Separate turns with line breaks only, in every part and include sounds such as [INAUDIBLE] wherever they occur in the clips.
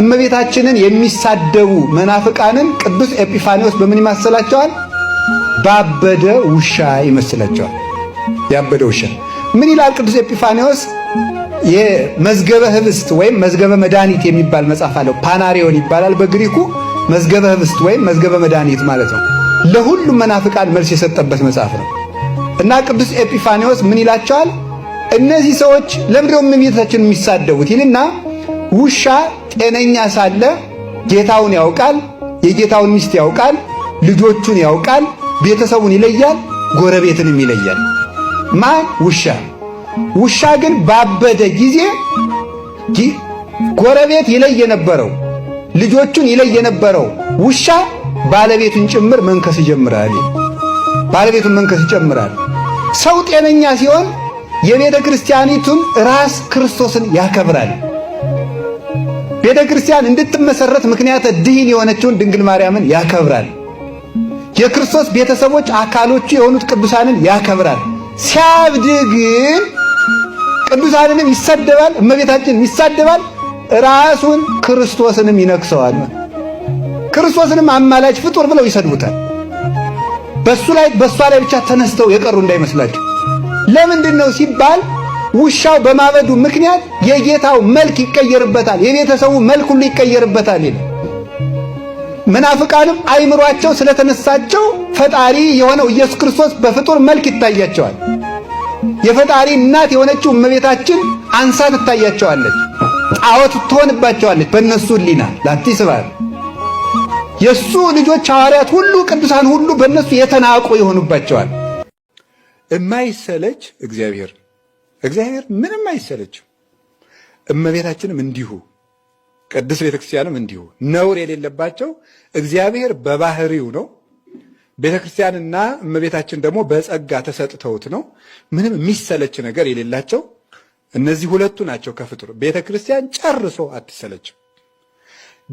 እመቤታችንን የሚሳደቡ መናፍቃንን ቅዱስ ኤጲፋኒዎስ በምን ይመስላቸዋል? ባበደ ውሻ ይመስላቸዋል። ያበደ ውሻ ምን ይላል? ቅዱስ ኤጲፋኒዎስ የመዝገበ ህብስት ወይም መዝገበ መድኃኒት የሚባል መጽሐፍ አለው። ፓናሪዮን ይባላል በግሪኩ። መዝገበ ህብስት ወይም መዝገበ መድኃኒት ማለት ነው። ለሁሉም መናፍቃን መልስ የሰጠበት መጽሐፍ ነው እና ቅዱስ ኤጲፋኒዎስ ምን ይላቸዋል? እነዚህ ሰዎች ለምንድነው እመቤታችንን የሚሳደቡት ይልና ውሻ ጤነኛ ሳለ ጌታውን ያውቃል፣ የጌታውን ሚስት ያውቃል፣ ልጆቹን ያውቃል፣ ቤተሰቡን ይለያል፣ ጎረቤትንም ይለያል። ማን ውሻ። ውሻ ግን ባበደ ጊዜ ጎረቤት ይለይ የነበረው ልጆቹን ይለይ የነበረው ውሻ ባለቤቱን ጭምር መንከስ ይጀምራል። ባለቤቱን መንከስ ይጀምራል። ሰው ጤነኛ ሲሆን የቤተ ክርስቲያኒቱን ራስ ክርስቶስን ያከብራል። ቤተ ክርስቲያን እንድትመሰረት ምክንያተ ድህን የሆነችውን ድንግል ማርያምን ያከብራል። የክርስቶስ ቤተሰቦች አካሎቹ የሆኑት ቅዱሳንን ያከብራል። ሲያብድ ግን ቅዱሳንንም ይሳደባል፣ እመቤታችንም ይሳደባል፣ ራሱን ክርስቶስንም ይነክሰዋል። ክርስቶስንም አማላጅ ፍጡር ብለው ይሰድቡታል። በሱ ላይ በሷ ላይ ብቻ ተነስተው የቀሩ እንዳይመስላችሁ ለምንድን ነው ሲባል ውሻው በማበዱ ምክንያት የጌታው መልክ ይቀየርበታል፣ የቤተሰቡ መልክ ሁሉ ይቀየርበታል ይላል። ምናፍቃንም አይምሯቸው ስለተነሳቸው ፈጣሪ የሆነው ኢየሱስ ክርስቶስ በፍጡር መልክ ይታያቸዋል። የፈጣሪ እናት የሆነችው እመቤታችን አንሳ ትታያቸዋለች፣ ጣዖት ትሆንባቸዋለች። በእነሱ ሊና ላቲ ስባል የእሱ ልጆች ሐዋርያት ሁሉ ቅዱሳን ሁሉ በእነሱ የተናቁ ይሆኑባቸዋል።
እማይሰለች እግዚአብሔር እግዚአብሔር ምንም አይሰለችም። እመቤታችንም እንዲሁ ቅድስት ቤተክርስቲያንም እንዲሁ ነውር የሌለባቸው እግዚአብሔር በባህሪው ነው። ቤተክርስቲያንና እመቤታችን ደግሞ በጸጋ ተሰጥተውት ነው። ምንም የሚሰለች ነገር የሌላቸው እነዚህ ሁለቱ ናቸው ከፍጡር። ቤተክርስቲያን ጨርሶ አትሰለችም።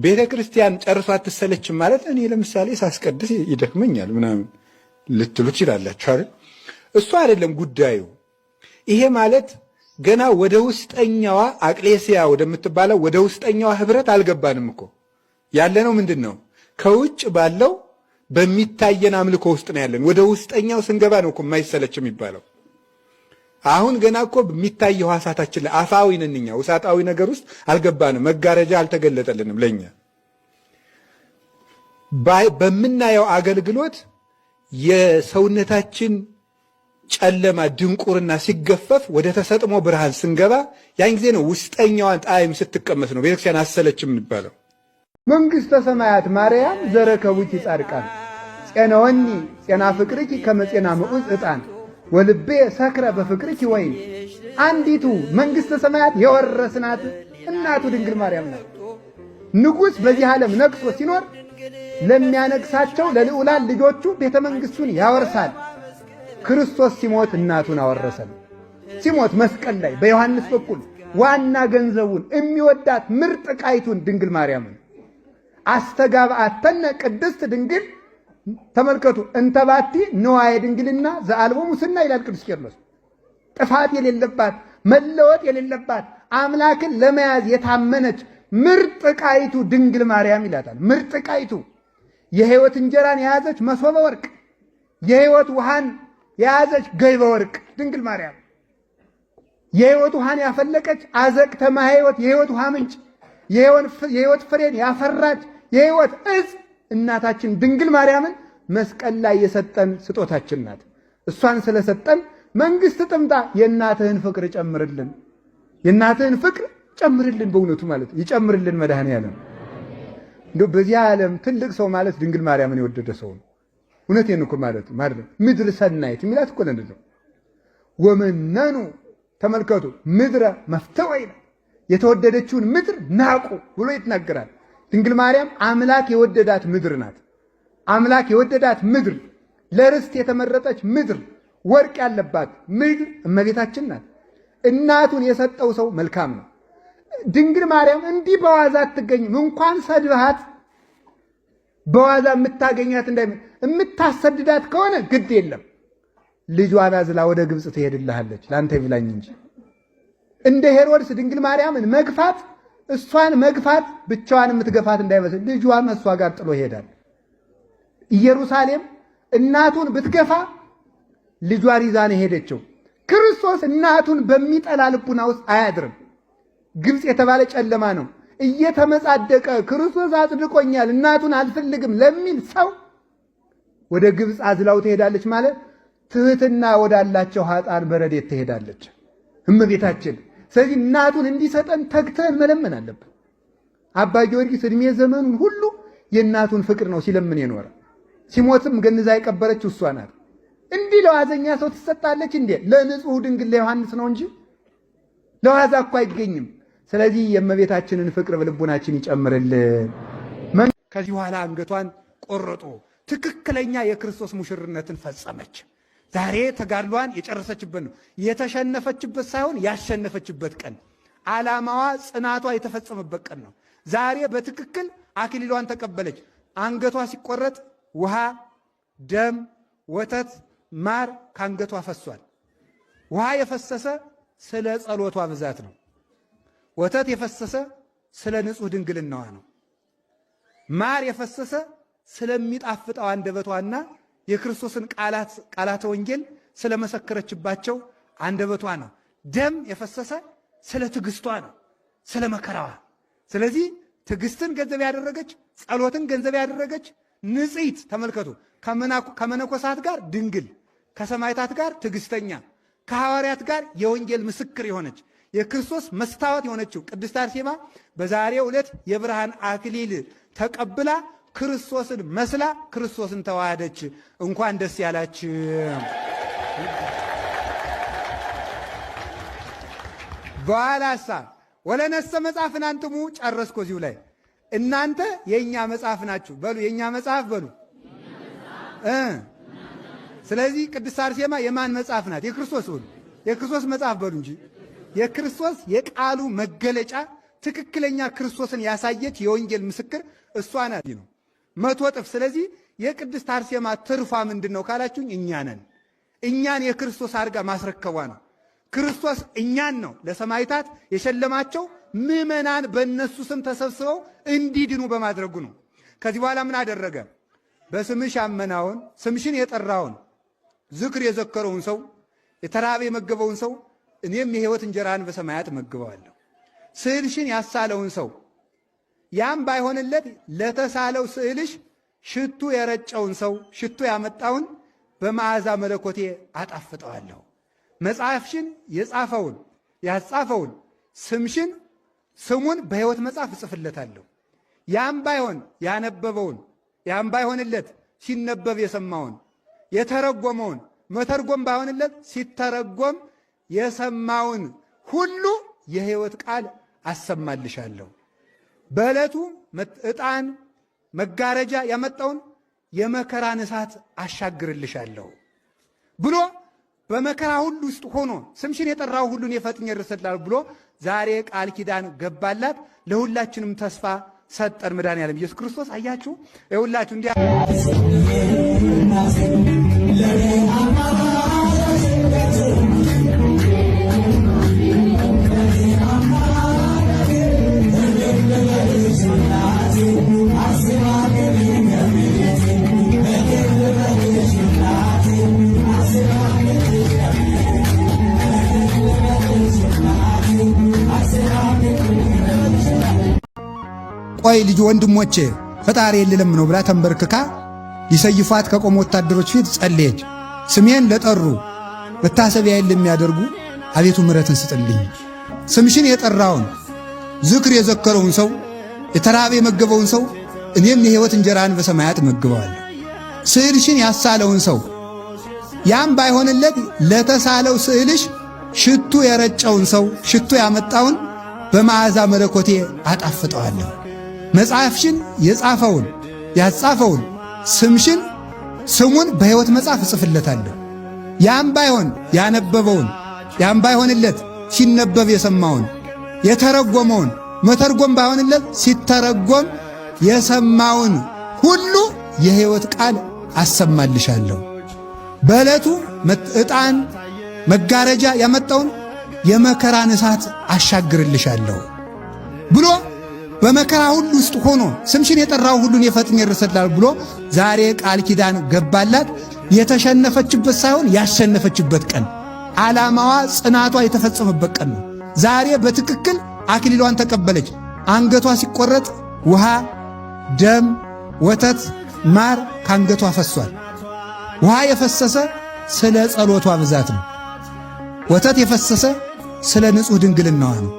ቤተክርስቲያን ጨርሶ አትሰለችም ማለት እኔ ለምሳሌ ሳስቀድስ ይደክመኛል ምናምን ልትሉ ትችላላችሁ። እሱ አይደለም ጉዳዩ ይሄ ማለት ገና ወደ ውስጠኛዋ አቅሌሲያ ወደምትባለው ወደ ውስጠኛዋ ህብረት አልገባንም እኮ ያለነው ምንድን ነው? ከውጭ ባለው በሚታየን አምልኮ ውስጥ ነው ያለን። ወደ ውስጠኛው ስንገባ ነው እኮ የማይሰለች የሚባለው። አሁን ገና እኮ የሚታየው ሐሳታችን ላይ አፋዊ ነን እኛ። ውሳጣዊ ነገር ውስጥ አልገባንም። መጋረጃ አልተገለጠልንም። ለኛ በምናየው አገልግሎት የሰውነታችን ጨለማ ድንቁርና ሲገፈፍ ወደ ተሰጥሞ ብርሃን ስንገባ ያን ጊዜ ነው ውስጠኛዋን ጣዕም ስትቀመስ ነው ቤተክርስቲያን አሰለች የምንባለው።
መንግሥተ ሰማያት ማርያም ዘረከቡኪ ጻድቃን ጼነወኒ ጼና ፍቅርኪ ከመጼና ምዑዝ ዕጣን ወልቤ ሰክረ በፍቅርኪ ወይን። አንዲቱ መንግሥተ ሰማያት የወረስናት እናቱ ድንግል ማርያም ናት። ንጉሥ በዚህ ዓለም ነግሶ ሲኖር ለሚያነግሳቸው ለልዑላን ልጆቹ ቤተ መንግሥቱን ያወርሳል። ክርስቶስ ሲሞት እናቱን አወረሰን። ሲሞት መስቀል ላይ በዮሐንስ በኩል ዋና ገንዘቡን የሚወዳት ምርጥ ቃይቱን ድንግል ማርያምን አስተጋብአተነ ቅድስት ድንግል ተመልከቱ እንተባቲ ንዋየ ድንግልና ዘአልቦ ሙስና ይላል ቅዱስ ቄርሎስ። ጥፋት የሌለባት መለወጥ የሌለባት አምላክን ለመያዝ የታመነች ምርጥ ቃይቱ ድንግል ማርያም ይላታል። ምርጥ ቃይቱ የህይወት እንጀራን የያዘች መሶበ ወርቅ የህይወት ውሃን የያዘች ገይበ ወርቅ ድንግል ማርያም የህይወት ውሃን ያፈለቀች አዘቅተ ተማህይወት የህይወት ውሃ ምንጭ የህይወት ፍሬን ያፈራች የህይወት እጽ እናታችን ድንግል ማርያምን መስቀል ላይ የሰጠን ስጦታችን ናት። እሷን ስለሰጠን መንግሥት ጥምጣ የእናትህን ፍቅር ጨምርልን፣ የእናትህን ፍቅር ጨምርልን። በእውነቱ ማለት ይጨምርልን መድኃኔ ዓለም። እንዲ በዚህ ዓለም ትልቅ ሰው ማለት ድንግል ማርያምን የወደደ ሰው ነው። እውነቴን እኮ ማለት ማለት ነው። ምድር ሰናይት የሚላት እኮ ነው? ወመናኑ ተመልከቱ፣ ምድረ መፍተው የተወደደችውን ምድር ናቁ ብሎ ይናገራል። ድንግል ማርያም አምላክ የወደዳት ምድር ናት። አምላክ የወደዳት ምድር፣ ለርስት የተመረጠች ምድር፣ ወርቅ ያለባት ምድር እመቤታችን ናት። እናቱን የሰጠው ሰው መልካም ነው። ድንግል ማርያም እንዲህ በዋዛ አትገኝም። እንኳን ሰድብሃት በዋዛ የምታገኛት እንዳይ የምታሰድዳት ከሆነ ግድ የለም ልጇን አዝላ ወደ ግብፅ ትሄድልሃለች። ለአንተ ይብላኝ እንጂ እንደ ሄሮድስ ድንግል ማርያምን መግፋት፣ እሷን መግፋት ብቻዋን የምትገፋት እንዳይመስል ልጇን እሷ ጋር ጥሎ ይሄዳል። ኢየሩሳሌም እናቱን ብትገፋ ልጇን ይዛ ሄደችው ክርስቶስ እናቱን በሚጠላ ልቡና ውስጥ አያድርም። ግብፅ የተባለ ጨለማ ነው። እየተመጻደቀ ክርስቶስ አጽድቆኛል እናቱን አልፈልግም ለሚል ሰው ወደ ግብፅ አዝላው ትሄዳለች ማለት ትህትና ወዳላቸው ሀጣን በረዴት ትሄዳለች እመቤታችን። ስለዚህ እናቱን እንዲሰጠን ተግተን መለመን አለብን። አባ ጊዮርጊስ እድሜ ዘመኑን ሁሉ የእናቱን ፍቅር ነው ሲለምን የኖረ። ሲሞትም ገንዛ የቀበረችው እሷ ናት። እንዲህ ለዋዘኛ ሰው ትሰጣለች እንዴ? ለንጹሕ ድንግል ለዮሐንስ ነው እንጂ ለዋዛ እኮ አይገኝም። ስለዚህ የእመቤታችንን ፍቅር በልቡናችን ይጨምርልን። ከዚህ በኋላ አንገቷን ቆረጡ። ትክክለኛ የክርስቶስ ሙሽርነትን ፈጸመች። ዛሬ ተጋድሏን የጨረሰችበት ነው። የተሸነፈችበት ሳይሆን ያሸነፈችበት ቀን፣ ዓላማዋ ጽናቷ የተፈጸመበት ቀን ነው። ዛሬ በትክክል አክሊሏን ተቀበለች። አንገቷ ሲቆረጥ ውሃ፣ ደም፣ ወተት፣ ማር ከአንገቷ ፈሷል። ውሃ የፈሰሰ ስለ ጸሎቷ ብዛት ነው። ወተት የፈሰሰ ስለ ንጹሕ ድንግልናዋ ነው። ማር የፈሰሰ ስለሚጣፍጠው አንደበቷና የክርስቶስን ቃላት ቃላተ ወንጌል ስለመሰከረችባቸው አንደበቷ ነው። ደም የፈሰሰ ስለ ትግስቷ ነው፣ ስለ መከራዋ። ስለዚህ ትዕግስትን ገንዘብ ያደረገች፣ ጸሎትን ገንዘብ ያደረገች ንጽሕት ተመልከቱ። ከመነኮሳት ጋር ድንግል፣ ከሰማይታት ጋር ትዕግስተኛ፣ ከሐዋርያት ጋር የወንጌል ምስክር የሆነች የክርስቶስ መስታወት የሆነችው ቅድስት አርሴማ በዛሬው ዕለት የብርሃን አክሊል ተቀብላ ክርስቶስን መስላ ክርስቶስን ተዋህደች። እንኳን ደስ ያላች። በኋላ ሳ ወለነሰ መጽሐፍን አንትሙ ጨረስኩ። እዚሁ ላይ እናንተ የእኛ መጽሐፍ ናችሁ በሉ፣ የእኛ መጽሐፍ በሉ። ስለዚህ ቅድስት አርሴማ የማን መጽሐፍ ናት? የክርስቶስ በሉ፣ የክርስቶስ መጽሐፍ በሉ እንጂ የክርስቶስ የቃሉ መገለጫ ትክክለኛ ክርስቶስን ያሳየች የወንጌል ምስክር እሷ ናት ነው። መቶ እጥፍ። ስለዚህ የቅድስት አርሴማ ትርፏ ምንድን ነው ካላችሁኝ፣ እኛ ነን። እኛን የክርስቶስ አድርጋ ማስረከቧ ነው። ክርስቶስ እኛን ነው ለሰማይታት የሸለማቸው ምዕመናን በእነሱ ስም ተሰብስበው እንዲድኑ በማድረጉ ነው። ከዚህ በኋላ ምን አደረገ? በስምሽ አመናውን ስምሽን የጠራውን ዝክር የዘከረውን ሰው የተራበ የመገበውን ሰው እኔም የሕይወት እንጀራን በሰማያት መግበዋለሁ ስዕልሽን ያሳለውን ሰው ያም ባይሆንለት ለተሳለው ስዕልሽ ሽቱ የረጨውን ሰው ሽቱ ያመጣውን በመዓዛ መለኮቴ አጣፍጠዋለሁ። መጽሐፍሽን የጻፈውን ያጻፈውን ስምሽን ስሙን በሕይወት መጽሐፍ እጽፍለታለሁ። ያም ባይሆን ያነበበውን ያም ባይሆንለት ሲነበብ የሰማውን የተረጎመውን መተርጎም ባይሆንለት ሲተረጎም የሰማውን ሁሉ የሕይወት ቃል አሰማልሻለሁ። በዕለቱ ዕጣን መጋረጃ ያመጣውን የመከራን እሳት አሻግርልሻለሁ ብሎ በመከራ ሁሉ ውስጥ ሆኖ ስምሽን የጠራው ሁሉን የፈጥኝ ርስላል ብሎ ዛሬ ቃል ኪዳን ገባላት። ለሁላችንም ተስፋ ሰጠን ያለም ኢየሱስ ክርስቶስ። አያችሁ ሁላችሁ እንዲያ ቆይ ልጅ ወንድሞቼ ፈጣሪ የልለም ነው ብላ ተንበርክካ ሊሰይፏት ከቆሙ ወታደሮች ፊት ጸለየች። ስሜን ለጠሩ መታሰቢያ ለሚያደርጉ አቤቱ ምረትን ስጥልኝ። ስምሽን የጠራውን ዝክር የዘከረውን ሰው የተራበ የመገበውን ሰው እኔም የሕይወት እንጀራን በሰማያት እመግበዋለሁ። ስዕልሽን ያሳለውን ሰው ያም ባይሆንለት ለተሳለው ስዕልሽ ሽቱ የረጨውን ሰው ሽቱ ያመጣውን በመዓዛ መለኮቴ አጣፍጠዋለሁ። መጽሐፍሽን የጻፈውን ያጻፈውን ስምሽን ስሙን በሕይወት መጽሐፍ እጽፍለታለሁ። ያም ባይሆን ያነበበውን ያም ባይሆንለት ሲነበብ የሰማውን የተረጎመውን መተርጎም ባይሆንለት ሲተረጎም የሰማውን ሁሉ የሕይወት ቃል አሰማልሻለሁ። በዕለቱ ዕጣን መጋረጃ ያመጣውን የመከራን እሳት አሻግርልሻለሁ ብሎ በመከራ ሁሉ ውስጥ ሆኖ ስምሽን የጠራው ሁሉን የፈጥን ይርሰላል ብሎ ዛሬ ቃል ኪዳን ገባላት። የተሸነፈችበት ሳይሆን ያሸነፈችበት ቀን፣ ዓላማዋ ጽናቷ የተፈጸመበት ቀን ነው። ዛሬ በትክክል አክሊሏን ተቀበለች። አንገቷ ሲቆረጥ ውሃ፣ ደም፣ ወተት፣ ማር ከአንገቷ ፈሷል። ውሃ የፈሰሰ ስለ ጸሎቷ ብዛት ነው። ወተት የፈሰሰ ስለ ንጹሕ ድንግልናዋ ነው።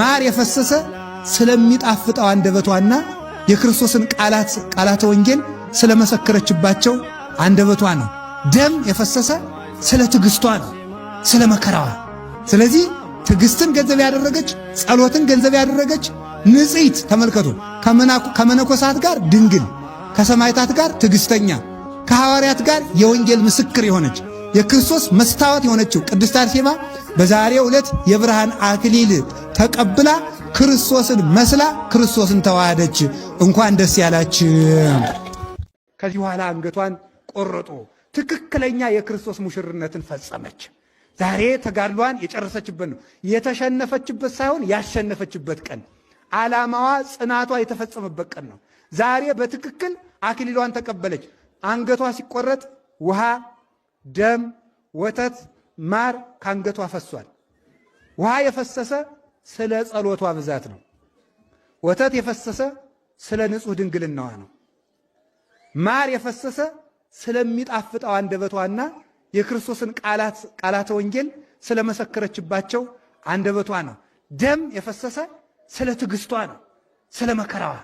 ማር የፈሰሰ ስለሚጣፍጠው አንደበቷና የክርስቶስን ቃላት ቃላተ ወንጌል ስለመሰከረችባቸው አንደበቷ ነው። ደም የፈሰሰ ስለ ትዕግስቷ ነው፣ ስለ መከራዋ። ስለዚህ ትዕግስትን ገንዘብ ያደረገች፣ ጸሎትን ገንዘብ ያደረገች ንጽሕት ተመልከቱ። ከመነኮሳት ጋር ድንግል፣ ከሰማይታት ጋር ትዕግስተኛ፣ ከሐዋርያት ጋር የወንጌል ምስክር የሆነች የክርስቶስ መስታወት የሆነችው ቅድስት አርሴማ በዛሬው ዕለት የብርሃን አክሊል ተቀብላ ክርስቶስን መስላ ክርስቶስን ተዋሃደች። እንኳን ደስ ያላች። ከዚህ በኋላ አንገቷን ቆርጦ ትክክለኛ የክርስቶስ ሙሽርነትን ፈጸመች። ዛሬ ተጋድሏን የጨረሰችበት ነው። የተሸነፈችበት ሳይሆን ያሸነፈችበት ቀን፣ ዓላማዋ ጽናቷ የተፈጸመበት ቀን ነው። ዛሬ በትክክል አክሊሏን ተቀበለች። አንገቷ ሲቆረጥ ውሃ፣ ደም፣ ወተት፣ ማር ከአንገቷ ፈሷል። ውሃ የፈሰሰ ስለ ጸሎቷ ብዛት ነው። ወተት የፈሰሰ ስለ ንጹሕ ድንግልናዋ ነው። ማር የፈሰሰ ስለሚጣፍጠው አንደበቷና የክርስቶስን ቃላት ቃላተ ወንጌል ስለመሰከረችባቸው አንደበቷ ነው። ደም የፈሰሰ ስለ ትዕግስቷ ነው፣ ስለ መከራዋ።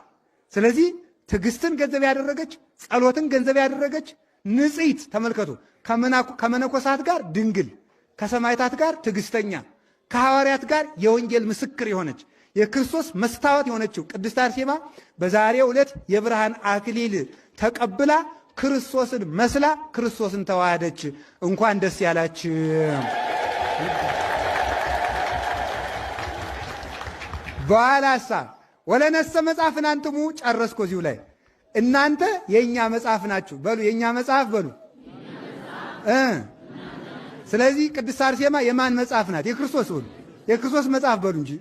ስለዚህ ትዕግስትን ገንዘብ ያደረገች፣ ጸሎትን ገንዘብ ያደረገች ንጽሕት ተመልከቱ። ከመነኮሳት ጋር ድንግል፣ ከሰማይታት ጋር ትዕግስተኛ ከሐዋርያት ጋር የወንጌል ምስክር የሆነች የክርስቶስ መስታወት የሆነችው ቅድስት አርሴማ በዛሬው ዕለት የብርሃን አክሊል ተቀብላ ክርስቶስን መስላ ክርስቶስን ተዋህደች። እንኳን ደስ ያላች። በኋላሳ ወለነሰ መጽሐፍን አንትሙ ጨረስኩ። እዚሁ ላይ እናንተ የእኛ መጽሐፍ ናችሁ በሉ፣ የእኛ መጽሐፍ በሉ ስለዚህ ቅድስት አርሴማ የማን መጽሐፍ ናት? የክርስቶስ ሁሉ የክርስቶስ መጽሐፍ በሉ እንጂ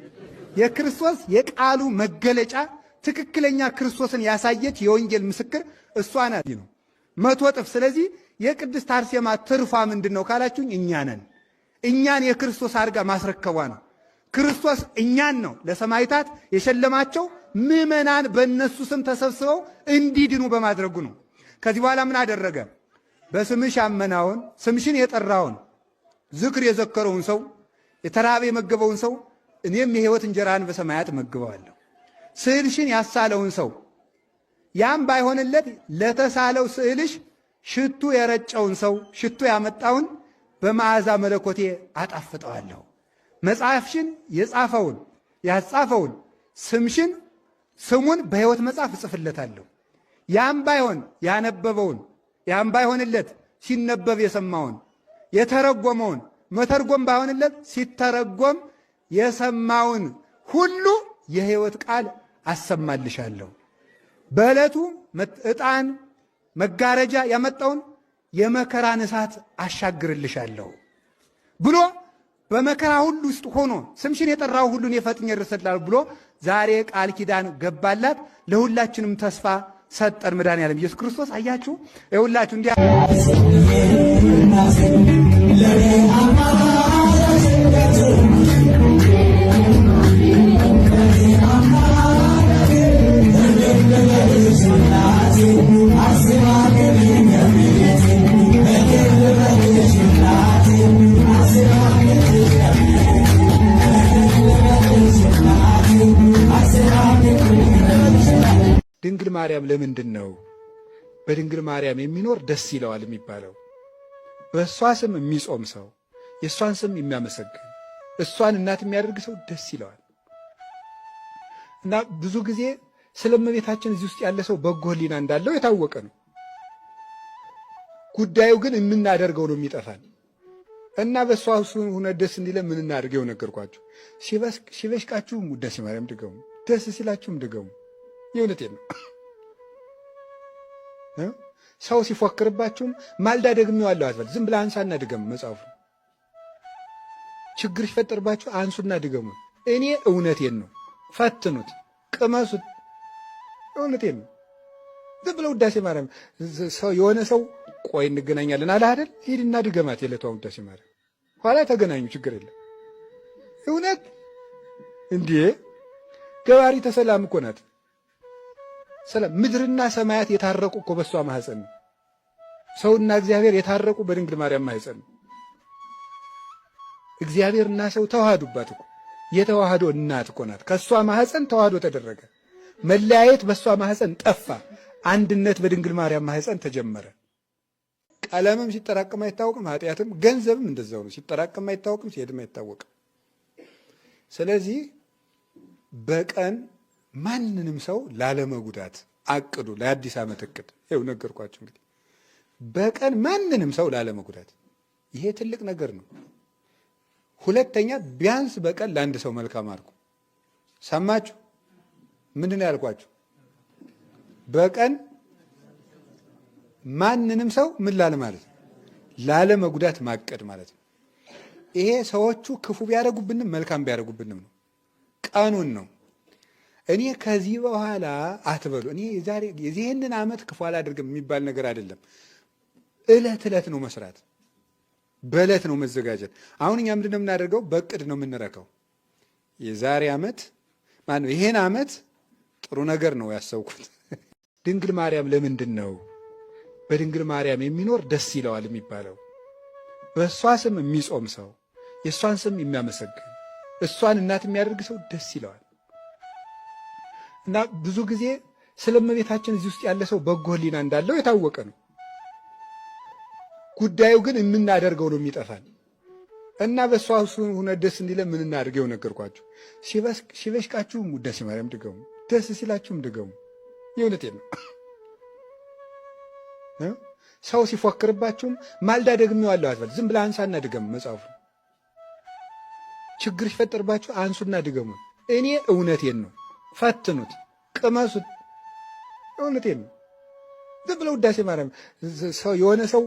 የክርስቶስ የቃሉ መገለጫ ትክክለኛ ክርስቶስን ያሳየች የወንጌል ምስክር እሷ ናት ነው መቶ እጥፍ። ስለዚህ የቅድስት አርሴማ ትርፏ ምንድን ነው ካላችሁኝ፣ እኛ ነን። እኛን የክርስቶስ አድርጋ ማስረከቧ ነው። ክርስቶስ እኛን ነው ለሰማይታት የሸለማቸው ምዕመናን በእነሱ ስም ተሰብስበው እንዲድኑ በማድረጉ ነው። ከዚህ በኋላ ምን አደረገ? በስምሽ አመናውን ስምሽን የጠራውን ዝክር የዘከረውን ሰው የተራበ የመገበውን ሰው እኔም የህይወት እንጀራን በሰማያት መግበዋለሁ። ስዕልሽን ያሳለውን ሰው ያም ባይሆንለት ለተሳለው ስዕልሽ ሽቱ የረጨውን ሰው ሽቱ ያመጣውን በመዓዛ መለኮቴ አጣፍጠዋለሁ። መጽሐፍሽን የጻፈውን ያጻፈውን ስምሽን ስሙን በሕይወት መጽሐፍ እጽፍለታለሁ። ያም ባይሆን ያነበበውን ያም ባይሆንለት ሲነበብ የሰማውን የተረጎመውን መተርጎም ባይሆንለት ሲተረጎም የሰማውን ሁሉ የህይወት ቃል አሰማልሻለሁ። በዕለቱ ዕጣን መጋረጃ ያመጣውን የመከራን እሳት አሻግርልሻለሁ ብሎ በመከራ ሁሉ ውስጥ ሆኖ ስምሽን የጠራው ሁሉን የፈጥኝ ርስላል ብሎ ዛሬ ቃል ኪዳን ገባላት። ለሁላችንም ተስፋ ሰጠን መድኃኒዓለም ኢየሱስ ክርስቶስ። አያችሁ ይሁላችሁ እንዲያ ማርያም ለምንድን ነው በድንግል ማርያም የሚኖር ደስ ይለዋል የሚባለው? በእሷ ስም የሚጾም ሰው የእሷን ስም የሚያመሰግን እሷን እናት የሚያደርግ ሰው ደስ ይለዋል። እና ብዙ ጊዜ ስለ እመቤታችን እዚህ ውስጥ ያለ ሰው በጎ ሕሊና እንዳለው የታወቀ ነው። ጉዳዩ ግን የምናደርገው ነው የሚጠፋል። እና በእሷ ሁነት ደስ እንዲለ ምን እናድርገው ነገርኳችሁ። ሲበሽቃችሁም ውዳሴ ማርያም ድገሙ፣ ደስ ሲላችሁም ድገሙ። የእውነቴን ነው። ሰው ሲፎክርባችሁም ማልዳ ደግሜዋለሁ አትበል። ዝም ብለህ አንሳና ድገሙ። መጽሐፉ ችግር ሲፈጥርባችሁ አንሱና ድገሙ። እኔ እውነቴን ነው። ፈትኑት፣ ቅመሱት። እውነቴን ነው። ዝም ብለው ውዳሴ ማርያም የሆነ ሰው ቆይ እንገናኛለን አለ አይደል? ሂድና ድገማት የዕለቷን ውዳሴ ማርያም። ኋላ ተገናኙ፣ ችግር የለም። እውነት እንዴ ገባሪ ተሰላም እኮ ናት። ስለ ምድርና ሰማያት የታረቁ እኮ በሷ ማህፀን ነው። ሰውና እግዚአብሔር የታረቁ በድንግል ማርያም ማህፀን ነው። እግዚአብሔርና ሰው ተዋህዱባት እኮ የተዋህዶ እናት እኮ ናት። ከሷ ማህፀን ተዋህዶ ተደረገ። መለያየት በሷ ማህፀን ጠፋ። አንድነት በድንግል ማርያም ማህፀን ተጀመረ። ቀለምም ሲጠራቅም አይታወቅም። ኃጢአትም ገንዘብም እንደዛው ነው። ሲጠራቅም አይታወቅም፣ ሲሄድም አይታወቅም። ስለዚህ በቀን ማንንም ሰው ላለመጉዳት አቅዱ። ለአዲስ ዓመት እቅድ ይኸው ነገርኳቸው። እንግዲህ በቀን ማንንም ሰው ላለመጉዳት ይሄ ትልቅ ነገር ነው። ሁለተኛ ቢያንስ በቀን ለአንድ ሰው መልካም አድርጉ። ሰማችሁ? ምንድን ነው ያልኳችሁ? በቀን ማንንም ሰው ምን ላለ ማለት ነው ላለመጉዳት ማቀድ ማለት ነው። ይሄ ሰዎቹ ክፉ ቢያደርጉብንም መልካም ቢያደርጉብንም ነው ቀኑን ነው እኔ ከዚህ በኋላ አትበሉ። እኔ ዛሬ የዚህንን ዓመት ክፉ አላደርግም የሚባል ነገር አይደለም። እለት እለት ነው መስራት፣ በእለት ነው መዘጋጀት። አሁን እኛ ምንድን ነው የምናደርገው? በእቅድ ነው የምንረከው። የዛሬ ዓመት ማነው ይህን ዓመት ጥሩ ነገር ነው ያሰብኩት። [LAUGHS] ድንግል ማርያም ለምንድን ነው በድንግል ማርያም የሚኖር ደስ ይለዋል የሚባለው? በእሷ ስም የሚጾም ሰው የእሷን ስም የሚያመሰግን እሷን እናት የሚያደርግ ሰው ደስ ይለዋል። እና ብዙ ጊዜ ስለ እመቤታችን እዚህ ውስጥ ያለ ሰው በጎ ህሊና እንዳለው የታወቀ ነው። ጉዳዩ ግን የምናደርገው ነው የሚጠፋል። እና በእሷ ሁነ ደስ እንዲለ ምን እናድርገው ነገርኳችሁ። ሲበሽቃችሁም ውዳሴ ማርያም ድገሙ፣ ደስ ሲላችሁም ድገሙ። የእውነቴ ነው። ሰው ሲፎክርባችሁም ማልዳ ደግሜዋለሁ አትበል። ዝም ብለህ አንሳና ድገሙ። መጽሐፉ ችግር ሲፈጠርባችሁ አንሱና ድገሙ። እኔ እውነቴን ነው። ፈትኑት፣ ቅመሱት። እውነቴን ነው። ዝም ብለው ውዳሴ ማርያም የሆነ ሰው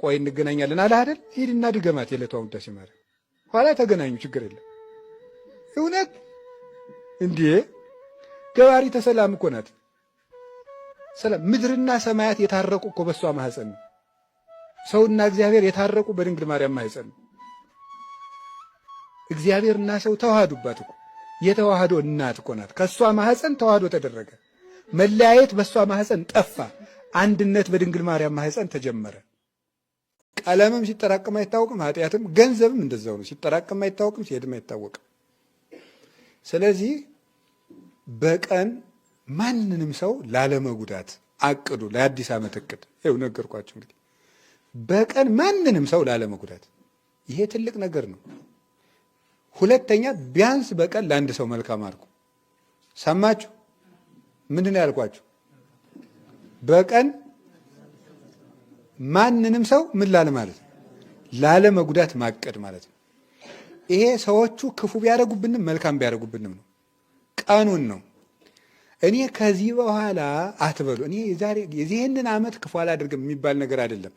ቆይ እንገናኛለን አለ አይደል? ሂድና ድገማት የዕለቷን ውዳሴ ማርያም ኋላ ተገናኙ፣ ችግር የለም። እውነት እንዴ ገባሪ ተሰላም እኮ ናት። ሰላም ምድርና ሰማያት የታረቁ እኮ በሷ ማህፀን ነው። ሰውና እግዚአብሔር የታረቁ በድንግል ማርያም ማህፀን ነው። እግዚአብሔርና ሰው ተዋህዱባት እኮ የተዋህዶ እናት እኮ ናት። ከእሷ ማህፀን ተዋህዶ ተደረገ። መለያየት በእሷ ማህፀን ጠፋ። አንድነት በድንግል ማርያም ማህፀን ተጀመረ። ቀለምም ሲጠራቅም አይታወቅም። ኃጢአትም ገንዘብም እንደዛው ነው። ሲጠራቅም አይታወቅም፣ ሲሄድም አይታወቅም። ስለዚህ በቀን ማንንም ሰው ላለመጉዳት አቅዱ። ለአዲስ ዓመት እቅድ ይኸው ነገርኳቸው። እንግዲህ በቀን ማንንም ሰው ላለመጉዳት ይሄ ትልቅ ነገር ነው። ሁለተኛ ቢያንስ በቀን ለአንድ ሰው መልካም አድርጉ። ሰማችሁ? ምንድን ነው ያልኳችሁ? በቀን ማንንም ሰው ምን ላለ ማለት ነው ላለ መጉዳት ማቀድ ማለት ነው። ይሄ ሰዎቹ ክፉ ቢያደርጉብንም መልካም ቢያደርጉብንም ነው። ቀኑን ነው እኔ ከዚህ በኋላ አትበሉ። እኔ የዚህንን ዓመት ክፉ አላደርግም የሚባል ነገር አይደለም።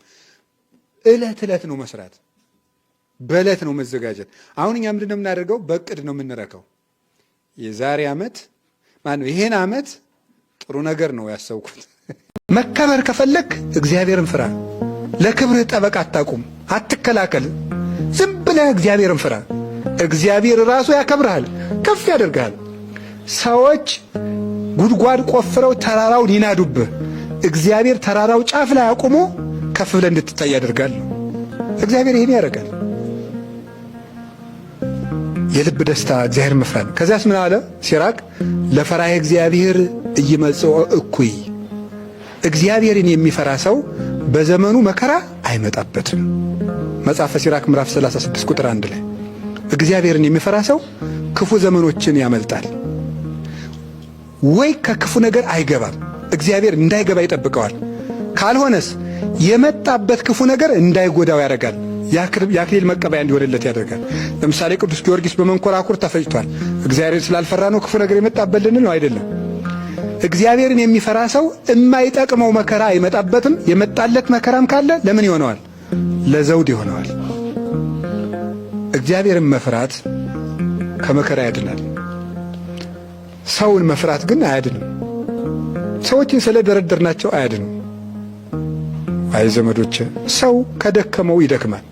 እለት እለት ነው መስራት በእለት ነው መዘጋጀት። አሁን እኛ ምንድን ነው የምናደርገው? በእቅድ ነው የምንረከው። የዛሬ ዓመት ማነው ይሄን ዓመት ጥሩ ነገር ነው ያሰብኩት። መከበር ከፈለግ እግዚአብሔርን ፍራ። ለክብርህ ጠበቃ አታቁም፣ አትከላከል። ዝም ብለህ እግዚአብሔርን ፍራ። እግዚአብሔር ራሱ ያከብርሃል፣ ከፍ ያደርግሃል። ሰዎች ጉድጓድ ቆፍረው ተራራውን ይናዱብህ፣ እግዚአብሔር ተራራው ጫፍ ላይ አቁሞ ከፍ ብለህ እንድትታይ ያደርጋል። እግዚአብሔር ይህን ያደርጋል። የልብ ደስታ እግዚአብሔር መፍራት። ከዚያስ ምን አለ ሲራቅ ለፈራህ እግዚአብሔር እይመጽኦ እኩይ እግዚአብሔርን የሚፈራ ሰው በዘመኑ መከራ አይመጣበትም። መጽሐፈ ሲራክ ምዕራፍ 36 ቁጥር 1 ላይ እግዚአብሔርን የሚፈራ ሰው ክፉ ዘመኖችን ያመልጣል ወይ ከክፉ ነገር አይገባም። እግዚአብሔር እንዳይገባ ይጠብቀዋል። ካልሆነስ የመጣበት ክፉ ነገር እንዳይጎዳው ያደርጋል። የአክሊል መቀበያ እንዲሆንለት ያደርጋል። ለምሳሌ ቅዱስ ጊዮርጊስ በመንኮራኩር ተፈጭቷል። እግዚአብሔር ስላልፈራ ነው ክፉ ነገር የመጣበልን ነው አይደለም። እግዚአብሔርን የሚፈራ ሰው የማይጠቅመው መከራ አይመጣበትም። የመጣለት መከራም ካለ ለምን ይሆነዋል? ለዘውድ ይሆነዋል። እግዚአብሔርን መፍራት ከመከራ ያድናል። ሰውን መፍራት ግን አያድንም። ሰዎችን ናቸው አያድንም። አይ ሰው ከደከመው ይደክማል።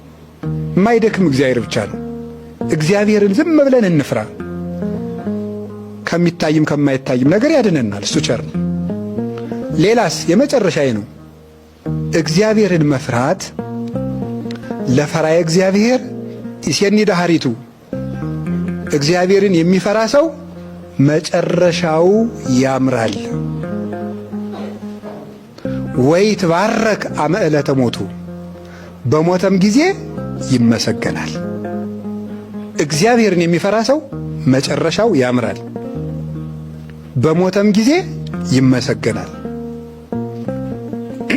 የማይደክም እግዚአብሔር ብቻ ነው። እግዚአብሔርን ዝም ብለን እንፍራ። ከሚታይም ከማይታይም ነገር ያድነናል። እሱ ቸር ነው። ሌላስ የመጨረሻዬ ነው። እግዚአብሔርን መፍራት ለፈራ እግዚአብሔር ይሴኒ ዳህሪቱ እግዚአብሔርን የሚፈራ ሰው መጨረሻው ያምራል። ወይ ትባረክ አመ ዕለተ ሞቱ በሞተም ጊዜ ይመሰገናል። እግዚአብሔርን የሚፈራ ሰው መጨረሻው ያምራል፣ በሞተም ጊዜ ይመሰገናል። [CLEARS THROAT]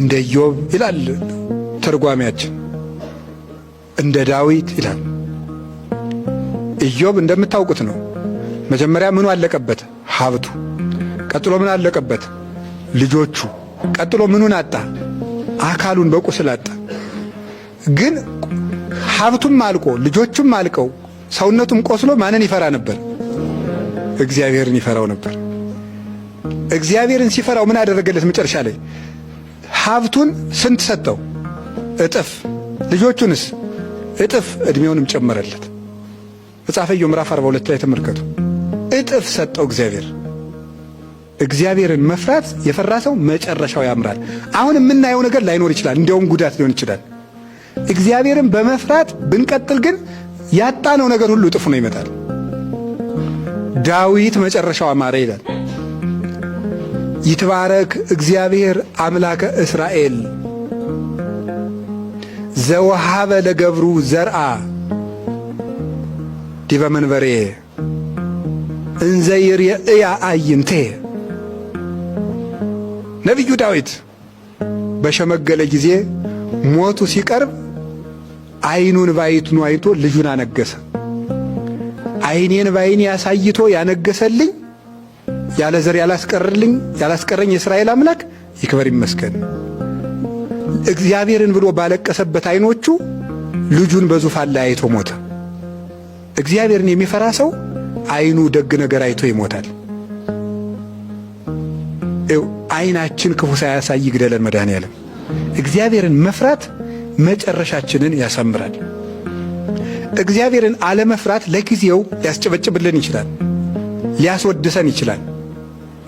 እንደ ኢዮብ ይላል ትርጓሚያችን እንደ ዳዊት ይላል። ኢዮብ እንደምታውቁት ነው። መጀመሪያ ምኑ አለቀበት? ሀብቱ። ቀጥሎ ምን አለቀበት? ልጆቹ። ቀጥሎ ምኑን አጣ? አካሉን በቁስል አጣ። ግን ሀብቱም አልቆ ልጆቹም አልቀው ሰውነቱም ቆስሎ ማንን ይፈራ ነበር? እግዚአብሔርን ይፈራው ነበር። እግዚአብሔርን ሲፈራው ምን አደረገለት? መጨረሻ ላይ ሀብቱን ስንት ሰጠው? እጥፍ። ልጆቹንስ እጥፍ፣ እድሜውንም ጨመረለት። መጽሐፈ ኢዮብ ምዕራፍ 42 ላይ ተመልከቱ። እጥፍ ሰጠው እግዚአብሔር። እግዚአብሔርን መፍራት የፈራ ሰው መጨረሻው ያምራል። አሁን የምናየው ነገር ላይኖር ይችላል፣ እንዲያውም ጉዳት ሊሆን ይችላል። እግዚአብሔርን በመፍራት ብንቀጥል ግን ያጣነው ነገር ሁሉ ጥፉ ነው ይመጣል። ዳዊት መጨረሻው አማረ ይላል። ይትባረክ እግዚአብሔር አምላከ እስራኤል ዘወሃበ ለገብሩ ዘርአ ዲበ መንበሬ የእያ አይንቴ ነቢዩ ዳዊት በሸመገለ ጊዜ ሞቱ ሲቀርብ አይኑን ባይቱን አይቶ ልጁን አነገሰ። አይኔን ባይኔ ያሳይቶ ያነገሰልኝ ያለ ዘር ያላስቀርልኝ ያላስቀረኝ የእስራኤል አምላክ ይክበር ይመስገን። እግዚአብሔርን ብሎ ባለቀሰበት አይኖቹ ልጁን በዙፋን ላይ አይቶ ሞተ። እግዚአብሔርን የሚፈራ ሰው አይኑ ደግ ነገር አይቶ ይሞታል። አይናችን ክፉ ሳያሳይ ይግደለን መድኃኔዓለም። እግዚአብሔርን መፍራት መጨረሻችንን ያሳምራል። እግዚአብሔርን አለመፍራት ለጊዜው ሊያስጨበጭብልን ይችላል፣ ሊያስወድሰን ይችላል።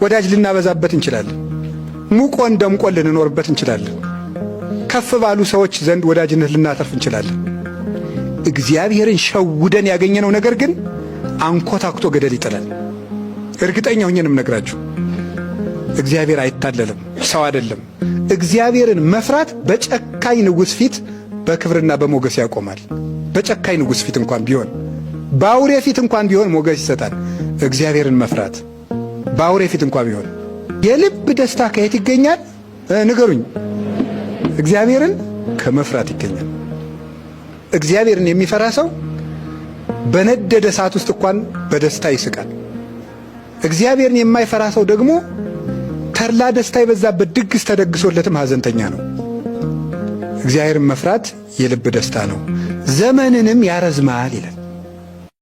ወዳጅ ልናበዛበት እንችላለን። ሙቆን ደምቆን ልንኖርበት እንችላለን። ከፍ ባሉ ሰዎች ዘንድ ወዳጅነት ልናተርፍ እንችላለን። እግዚአብሔርን ሸውደን ያገኘነው ነገር ግን አንኮታኩቶ ገደል ይጥላል። እርግጠኛ ሆኜንም ነግራችሁ እግዚአብሔር አይታለልም፣ ሰው አይደለም። እግዚአብሔርን መፍራት በጨካኝ ንጉሥ ፊት በክብርና በሞገስ ያቆማል። በጨካኝ ንጉሥ ፊት እንኳን ቢሆን በአውሬ ፊት እንኳን ቢሆን ሞገስ ይሰጣል። እግዚአብሔርን መፍራት በአውሬ ፊት እንኳን ቢሆን የልብ ደስታ ከየት ይገኛል? ንገሩኝ። እግዚአብሔርን ከመፍራት ይገኛል። እግዚአብሔርን የሚፈራ ሰው በነደደ እሳት ውስጥ እንኳን በደስታ ይስቃል። እግዚአብሔርን የማይፈራ ሰው ደግሞ ተድላ ደስታ የበዛበት ድግስ ተደግሶለትም ሐዘንተኛ ነው። እግዚአብሔርን መፍራት የልብ ደስታ ነው፣ ዘመንንም ያረዝማል ይላል።